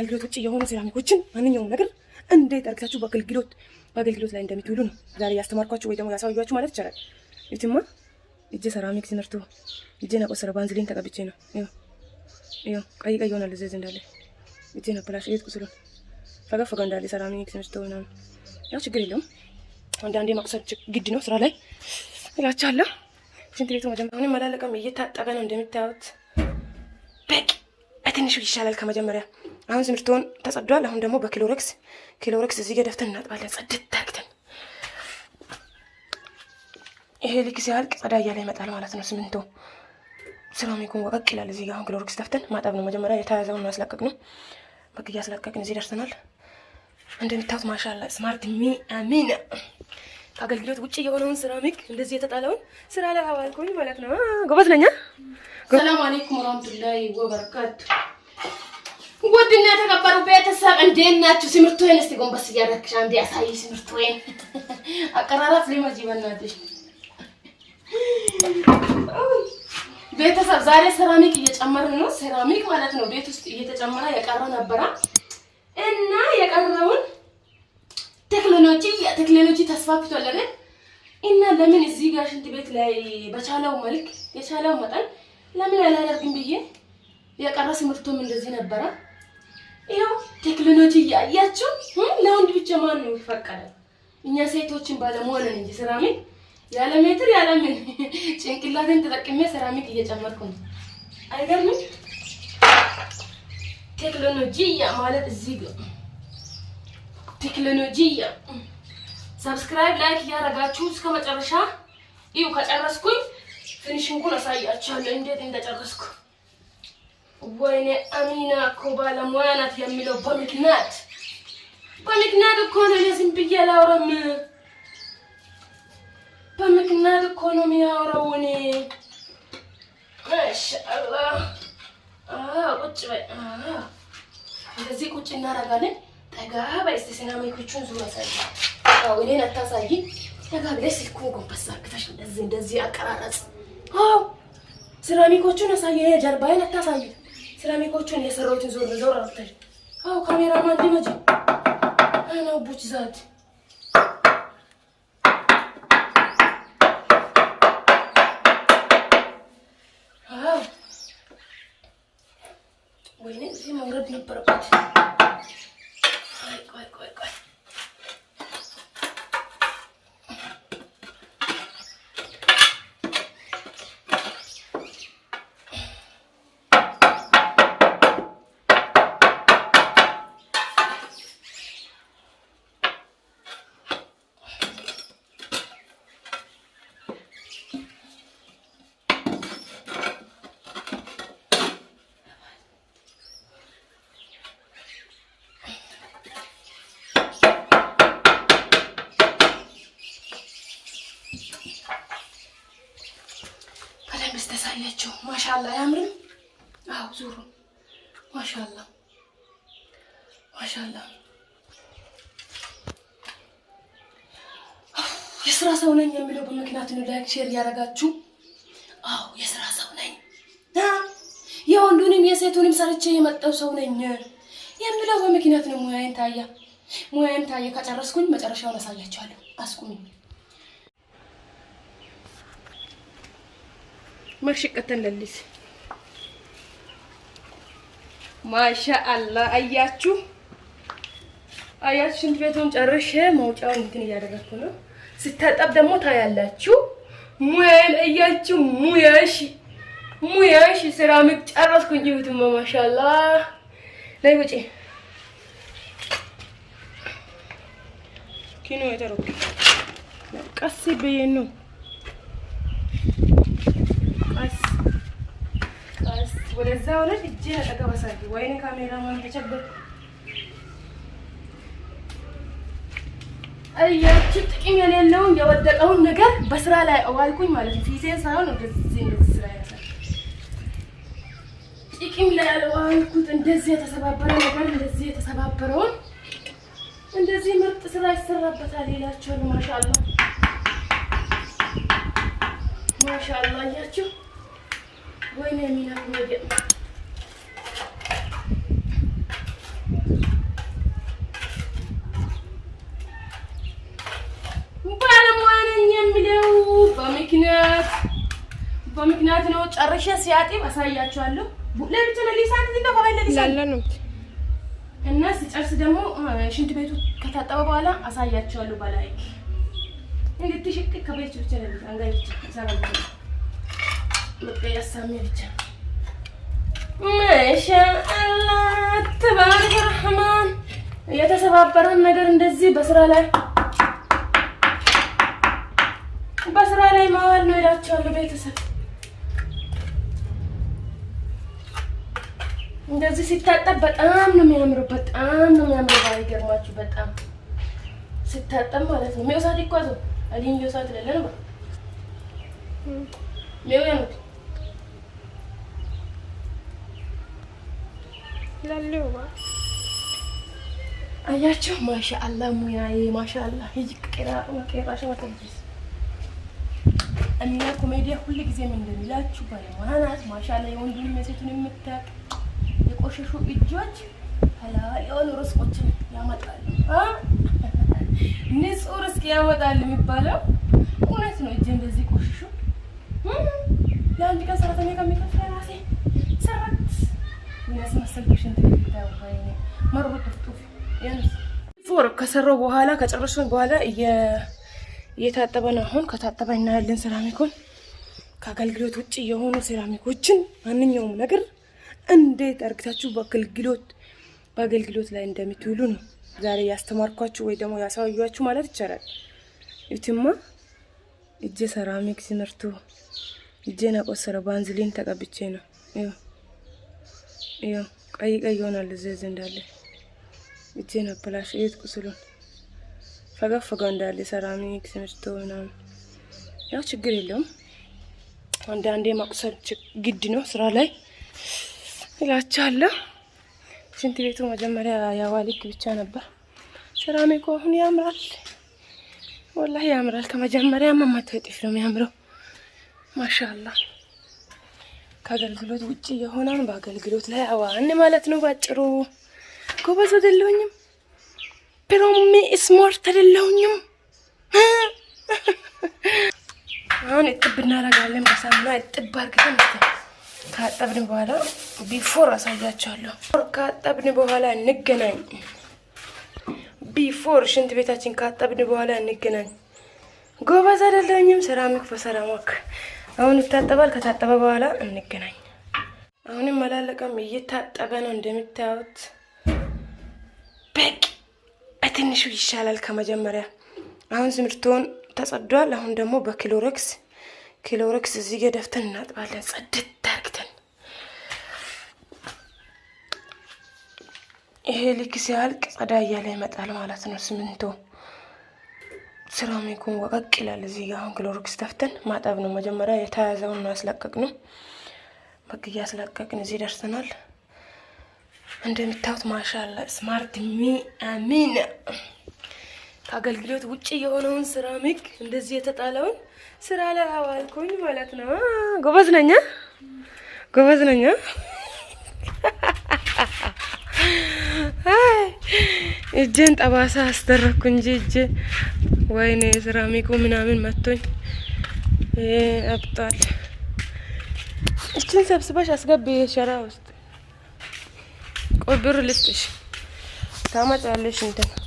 አገልግሎት ውጭ የሆኑ ሴራሚኮችን ማንኛውም ነገር እንዴት አድርጋችሁ በአገልግሎት በአገልግሎት ላይ እንደምትውሉ ነው ዛሬ ያስተማርኳችሁ ወይ ደግሞ ያሳዩችሁ ማለት ይቻላል። ይትማ እጄ ሰራሚክ ትምህርቱ እጄን አቆሰረ ባንዝሊን ተቀብቼ ነው ቀይ ቀይ ሆናል። ዘዝ እንዳለ እጄን አበላሽ ቤት ቁስሉን ፈጋ ፈጋ እንዳለ ሰራሚክ ትምህርት ሆና ያው ችግር የለውም። አንዳንዴ መቁሰል ግድ ነው ስራ ላይ እላችኋለሁ። ሽንት ቤቱ መጀመሪያ ምንም አላለቀም፣ እየታጠበ ነው እንደምታዩት። በቂ በትንሹ ይሻላል ከመጀመሪያ አሁን ስምርቶን ተጸዷል። አሁን ደግሞ በክሎሮክስ ክሎሮክስ እዚህ ጋር ደፍተን እናጥባለን። ጸድት ታግተን ይሄ ልክ ሲያልቅ ጸዳ እያለ ይመጣል ማለት ነው። ስምንቶ ሴራሚኩን ወቀቅ ይላል። እዚህ ጋር አሁን ክሎሮክስ ደፍተን ማጠብ ነው። መጀመሪያ የተያዘውን ማስለቀቅ ነው። በቃ እያስለቀቅን እዚህ ደርሰናል። እንደምታዩት ማሻላ ስማርት ሚ አሚና ከአገልግሎት ውጭ የሆነውን ሴራሚክ እንደዚህ የተጣለውን ስራ ላይ አዋልኩኝ ማለት ነው። ጎበዝ ነኛ። ሰላም አለይኩም ወራህመቱላሂ ወበረካቱ ውድና የተከበሩ ቤተሰብ እንዴት ናችሁ? ሲምርቶዬን እስኪ ጎንበስ እያደረግሽ አንዴ አሳይ። ሲምርቶዬን አቀራራት ሊመጅ በናትሽ ቤተሰብ ዛሬ ሴራሚክ እየጨመርን ነው። ሴራሚክ ማለት ነው ቤት ውስጥ እየተጨመረ የቀረ ነበረ እና የቀረውን ቴክኖሎጂ ቴክኖሎጂ ተስፋፍቷል እና ለምን እዚህ ጋር ሽንት ቤት ላይ በቻለው መልክ የቻለው መጠን ለምን አላደርግም ብዬ የቀረ ሲምርቶም እንደዚህ ነበረ። ይኸው ቴክኖሎጂ እያያችሁ ለወንድ ብቻ ማን ነው የሚፈቀደው? እኛ ሴቶችን ባለመሆን እንጂ ሴራሚክ ያለ ሜትር ያለ ምን ጭንቅላትን ተጠቅሜ ሴራሚክ እየጨመርኩ ነው። አይገርምም? ቴክኖሎጂ ያ ማለት እዚህ ጋር ቴክኖሎጂ ሰብስክራይብ ላይክ እያደረጋችሁ እስከ መጨረሻ ይኸው ከጨረስኩኝ ፊኒሽንጉን አሳያችኋለሁ እንዴት እንደጨረስኩ ወይኔ አሚና እኮ ባለሙያ ናት የሚለው በምክንያት በምክንያት እኮ ነው። የዝም ብዬ አላወራም። በምክንያት እኮ ነው የሚያወራው። እኔ ማሻአላህ ቁጭ በይ፣ እንደዚህ ቁጭ እናደርጋለን። ጠጋ በይ እስኪ ሲናሜኮቹን ዙር አሳይ። አዎ እኔን አታሳይ። ጠጋ ብለሽ ስልኩን ጎንበስ አድርገሽ እንደዚህ እንደዚህ አቀራረጽ። አዎ ሲናሜኮቹን አሳይ፣ ጀርባዬን አታሳይ። ሴራሚኮቹን የሰራሁትን ዞር ዞር አብታሽ አዎ ካሜራማን ሊመጪ አናቦች ዛት ታያቸው። ማሻላ አያምርም? አዎ ዙሩ። ማሻላ ማሻላ። የስራ ሰው ነኝ የሚለው በምክንያት ነው። ላይክ ሼር እያደረጋችሁ። አዎ የስራ ሰው ነኝ፣ የወንዱንም የሴቱንም ሰርቼ የመጣው ሰው ነኝ የሚለው በምክንያት ነው። ሙያዬን ታያ ሙያዬን ታየ። ከጨረስኩኝ መጨረሻውን አሳያቸዋለሁ። አስቁሚ መሽቀተን ለሊስ ማሻ አላህ አያችሁ፣ አያችሁ። ሽንት ቤቱን ጨርሼ መውጫውን እንትን ነው። ስታጠብ ደግሞ ታያላችሁ። ሙያል አያችሁ፣ ሙያሽ ሙያሽ ሴራሚክ ጨረስኩኝ። ይሁትማ ላይ ወጪ የተሮክ ቀስ ብዬ ነው ወደዛ ሆነሽ አጠገብ አጠገባሳኪ ወይኔ ካሜራማን ተቸገር እያቺ ጥቅም የሌለውን የወደቀውን ነገር በስራ ላይ አዋልኩኝ ማለት ነው። ፊቴን ሳይሆን እንደዚህ እንደዚህ ስራ ያሳል ጥቅም ላይ አዋልኩት። እንደዚህ የተሰባበረ ነገር እንደዚህ የተሰባበረውን እንደዚህ ምርጥ ስራ ይሰራበታል ይላችኋል። ማሻአላ ማሻአላ አያችሁ? ወይኔ የሚነግሩ በምክንያት በምክንያት ነው። ጨርሼ ሲያጢብ አሳያቸዋለሁ። ለብቻ እንደ እና ሲጨርስ ደግሞ ሽንት ቤቱ ከታጠበ በኋላ አሳያቸዋለሁ። ከቤት ብቻ ብቻ Mpea Samia picha. ማሻ ተባረከ ረህማን። የተሰባበረን ነገር እንደዚህ በስራ ላይ በስራ ላይ ማዋል ነው ቤተሰብ። እንደዚህ ሲታጠብ በጣም ነው የሚያምረው። በጣም ነው የሚያምረው። በጣም ሲታጠብ ማለት ነው። ሚው ሰዓት ሰዓት ነው ሚው እላለሁ። አያቸው ማሻአላ ሙያዬ ማሻአላ ሂጂ ቄራሽ እና ኮሜዲያ ሁሉ ጊዜ ምን እንደሚላችሁ ባለሙያ ናት። ማሻአላ የወንዱንም የሴቱን የምታውቅ የቆሸሹ እጆች ሐላል የሆኑ ርስቆችን ያመጣሉ። ንጹህ ርስቅ ያመጣል የሚባለው እውነት ነው። እጄ እንደዚህ ቆሸሹ ለአንድ ቀን ሰራተኛ ከሚከፍል ራሴ ሰራ ፎር ከሰራው በኋላ ከጨረሱን በኋላ እየታጠበ ነው። አሁን ከታጠበ እናያለን። ሴራሚኮን ከአገልግሎት ውጭ የሆኑ ሴራሚኮችን ማንኛውም ነገር እንዴት አርግታችሁ በአገልግሎት በአገልግሎት ላይ እንደምትውሉ ነው ዛሬ ያስተማርኳችሁ ወይ ደግሞ ያሳዩችሁ ማለት ይቻላል። ይትማ እጄ ሴራሚክ ሲመርቱ እጄን አቆሰለ ባንዝሊን ተቀብቼ ነው። ያው ቀይ ቀይ ይሆናል። እዚህ እዚህ እንዳለ እጄን አበላሽ። እዩት ቁስሉን ፈገፈገ እንዳለ ሰራሚክ ስምርቶ ምናምን። ያው ችግር የለውም። አንዳንዴ ማቁሰል ግድ ነው ስራ ላይ እላችኋለሁ። ሽንት ቤቱ መጀመሪያ ያዋሊክ ብቻ ነበር። ሰራሚኩ አሁን ያምራል፣ ወላሂ ያምራል። ከመጀመሪያ ማማታ ጥፍ ነው የሚያምረው። ማሻአላህ ከአገልግሎት ውጭ የሆነን በአገልግሎት ላይ አዋን ማለት ነው ባጭሩ። ጎበዝ አይደለሁኝም፣ ፕሮሚ ስማርት አይደለሁኝም። አሁን እጥብ እናደርጋለን። በሳሙና እጥብ አርግተን ካጠብን በኋላ ቢፎር አሳያቸዋለሁ። ካጠብን በኋላ እንገናኝ። ቢፎር ሽንት ቤታችን ካጠብን በኋላ እንገናኝ። ጎበዝ አይደለሁኝም። ሰራሚክ በሰራማክ አሁን ይታጠባል። ከታጠበ በኋላ እንገናኝ። አሁንም አላለቀም፣ እየታጠበ ነው እንደምታዩት። በቂ በትንሹ ይሻላል ከመጀመሪያ። አሁን ስምርቶን ተጸዷል። አሁን ደግሞ በክሎሮክስ ክሎሮክስ እዚህ ጋ ደፍተን እናጥባለን ጽድት ታርግተን ይሄ ልክ ሲያልቅ ጸዳ እያለ ይመጣል ማለት ነው ስምንቶ ሴራሚኩን ወቀቅ ይላል። እዚህ ጋር አሁን ክሎሮክስ ተፍተን ማጠብ ነው መጀመሪያ የተያዘውን ነው ያስለቀቅ ነው። በቃ እያስለቀቅን እዚህ ደርሰናል። እንደምታዩት ማሻላ ስማርት ሚ አሚን ከአገልግሎት ውጭ የሆነውን ሴራሚክ እንደዚህ የተጣለውን ስራ ላይ አዋልኩኝ ማለት ነው። ጎበዝ ነኛ፣ ጎበዝ ነኛ። እጄን ጠባሳ አስደረግኩ እንጂ እጄ ወይኔ ሴራሚኩ ምናምን መቶኝ አብጧል። እችን ሰብስበሽ አስገቢ ሸራ ውስጥ ቆይ ልስጥሽ ታመጫለሽ እንትን